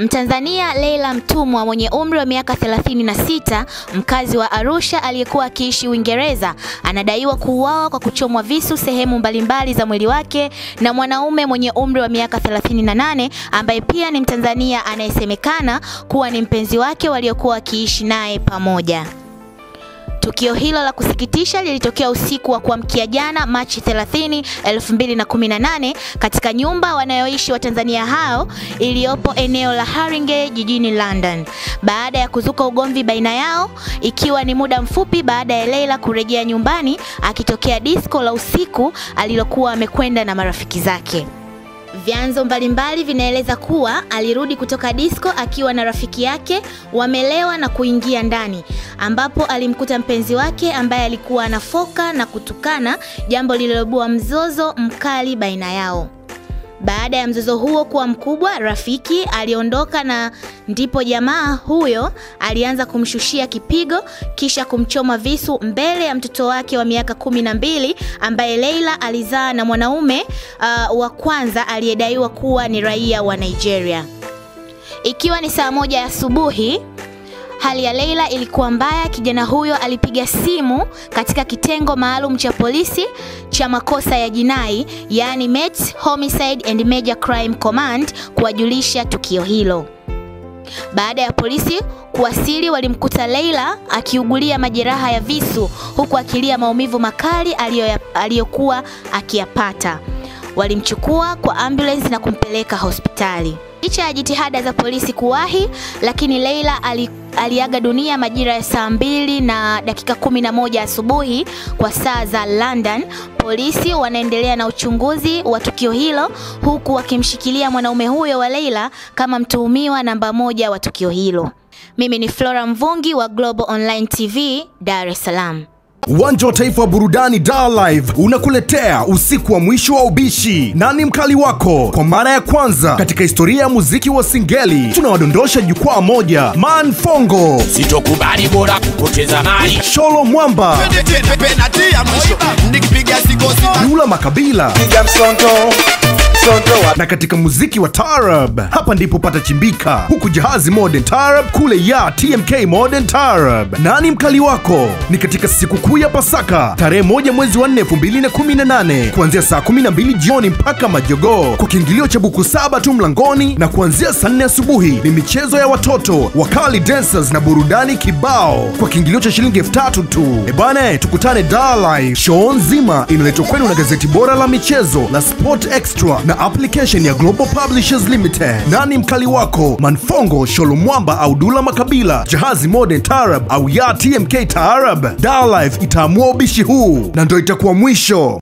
Mtanzania Leila Mtumwa mwenye umri wa miaka 36 mkazi wa Arusha aliyekuwa akiishi Uingereza anadaiwa kuuawa kwa kuchomwa visu sehemu mbalimbali za mwili wake na mwanaume mwenye umri wa miaka 38 ambaye pia ni Mtanzania anayesemekana kuwa ni mpenzi wake waliokuwa wakiishi naye pamoja. Tukio hilo la kusikitisha lilitokea usiku wa kuamkia jana Machi 30, 2018 katika nyumba wanayoishi Watanzania hao iliyopo eneo la Haringey jijini London, baada ya kuzuka ugomvi baina yao, ikiwa ni muda mfupi baada ya Leila kurejea nyumbani akitokea disco la usiku alilokuwa amekwenda na marafiki zake. Vyanzo mbalimbali vinaeleza kuwa alirudi kutoka disco akiwa na rafiki yake, wamelewa na kuingia ndani ambapo alimkuta mpenzi wake ambaye alikuwa anafoka na kutukana, jambo lililobua mzozo mkali baina yao. Baada ya mzozo huo kuwa mkubwa, rafiki aliondoka na ndipo jamaa huyo alianza kumshushia kipigo kisha kumchoma visu mbele ya mtoto wake wa miaka kumi na mbili ambaye Leila alizaa na mwanaume uh, wa kwanza aliyedaiwa kuwa ni raia wa Nigeria. Ikiwa ni saa moja ya asubuhi, Hali ya Leila ilikuwa mbaya. Kijana huyo alipiga simu katika kitengo maalum cha polisi cha makosa ya jinai, yaani Met Homicide and Major Crime Command kuwajulisha tukio hilo. Baada ya polisi kuwasili, walimkuta Leila akiugulia majeraha ya visu huku akilia maumivu makali aliyokuwa akiyapata. Walimchukua kwa ambulance na kumpeleka hospitali. Licha ya jitihada za polisi kuwahi, lakini Leila ali, aliaga dunia majira ya saa mbili na dakika kumi na moja asubuhi kwa saa za London. Polisi wanaendelea na uchunguzi wa tukio hilo huku wakimshikilia mwanaume huyo wa Leila kama mtuhumiwa namba moja wa tukio hilo. Mimi ni Flora Mvungi wa Global Online TV, Dar es Salaam. Uwanja wa Taifa wa Burudani Dar Live unakuletea usiku wa mwisho wa ubishi. Nani mkali wako? Kwa mara ya kwanza katika historia ya muziki wa Singeli tunawadondosha jukwaa moja. Man Fongo, sitokubali bora kupoteza mali. Sholo Mwamba, Yula Makabila, piga msonto na katika muziki wa tarab hapa ndipo pata chimbika huku jahazi modern tarab kule ya tmk modern tarab nani mkali wako ni katika sikukuu ya pasaka tarehe moja mwezi wa 4 218 kuanzia saa 12 jioni mpaka majogoo kwa kiingilio cha buku saba tu mlangoni na kuanzia saa 4 asubuhi ni michezo ya watoto wakali dancers na burudani kibao kwa kiingilio cha shilingi 3000 tatu tu ebana tukutane dalai shoo nzima inaletwa kwenu na gazeti bora la michezo la sport extra na application ya Global Publishers Limited. Nani mkali wako? Manfongo, Sholomwamba au Dula Makabila? Jahazi Modern Taarab au ya TMK Taarab? Dar Life itaamua ubishi huu na ndio itakuwa mwisho.